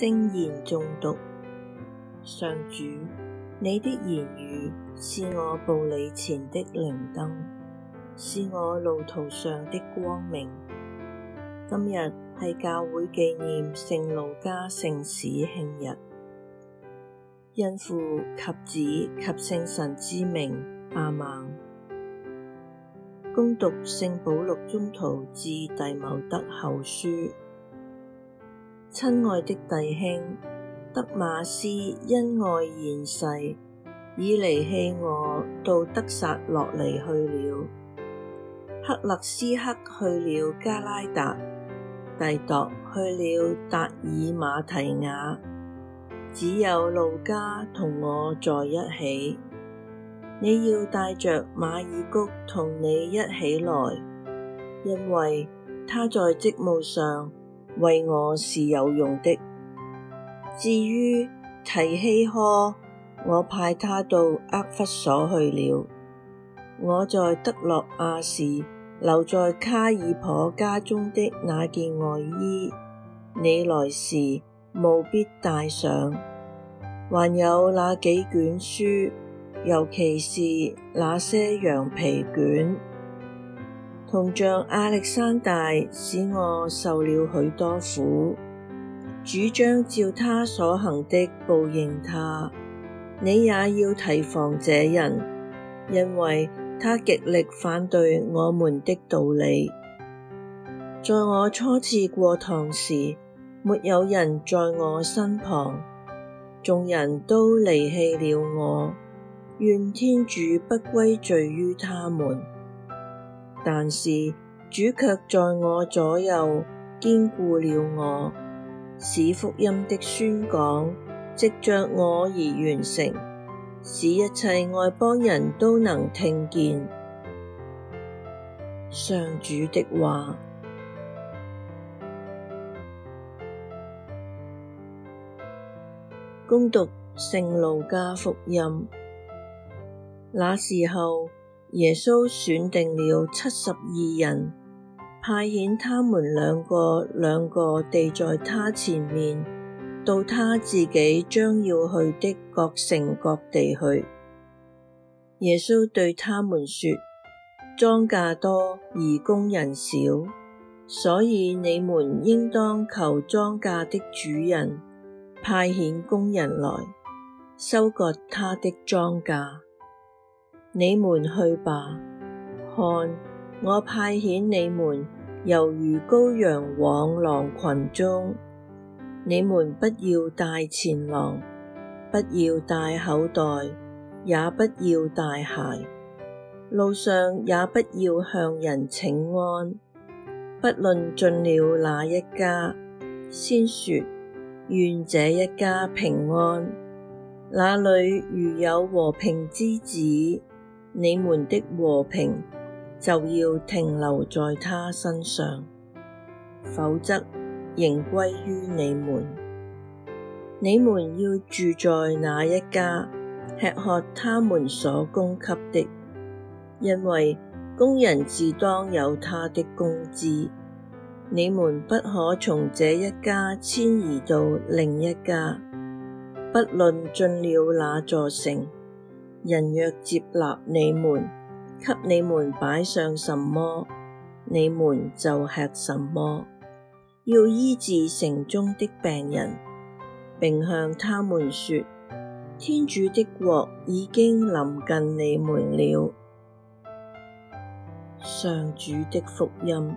聖言誦讀，上主，你的言語是我步履前的靈燈，是我路途上的光明。今日係教會紀念聖路加聖史慶日，因父及子及聖神之名，阿門。恭讀聖保禄宗徒致弟茂德後書。親愛的弟兄，德瑪斯因愛現世，已離棄我到得撒洛尼去了。克勒斯刻去了迦拉達，弟鐸去了達耳瑪提雅，只有路加同我在一起。你要帶着馬爾谷同你一起來，因為他在職務上，為我是有用的。至於提希苛，我派他到厄弗所去了。我在特洛阿時留在卡爾頗家中的那件外衣，你來時務必帶上。還有那幾卷書，尤其是那些羊皮卷。銅匠亞歷山大使我受了許多苦，主將照他所行的報應他。你也要提防這人，因為他極力反對我們的道理。在我初次過堂時，沒有人在我身旁，眾人都離棄了我，願天主不歸罪於他們。但是主卻在我左右，堅固了我，使福音的宣講藉着我而完成，使一切外邦人都能聽見。上主的話。恭讀聖路加福音，那時候。耶穌選定了七十二人，派遣他們兩個兩個地在他前面，到他自己將要去的各城各地去。耶穌對他們說：莊稼多而工人少，所以你們應當求莊稼的主人，派遣工人來，收割他的莊稼。你們去吧，看我派遣你們，猶如羔羊往狼群中。你們不要帶錢囊，不要帶口袋，也不要帶鞋，路上也不要向人請安。不論進了哪一家，先說願這一家平安。那裡如有和平之子。你們的和平就要停留在他身上，否則仍歸於你們。你們要住在那一家，吃喝他們所供給的，因為工人自當有他的工資。你們不可從這一家遷移到另一家，不論進了那座城。人若接納你們，給你們擺上什麼，你們就吃什麼。要醫治城中的病人，並向他們說：天主的國已經臨近你們了。上主的福音。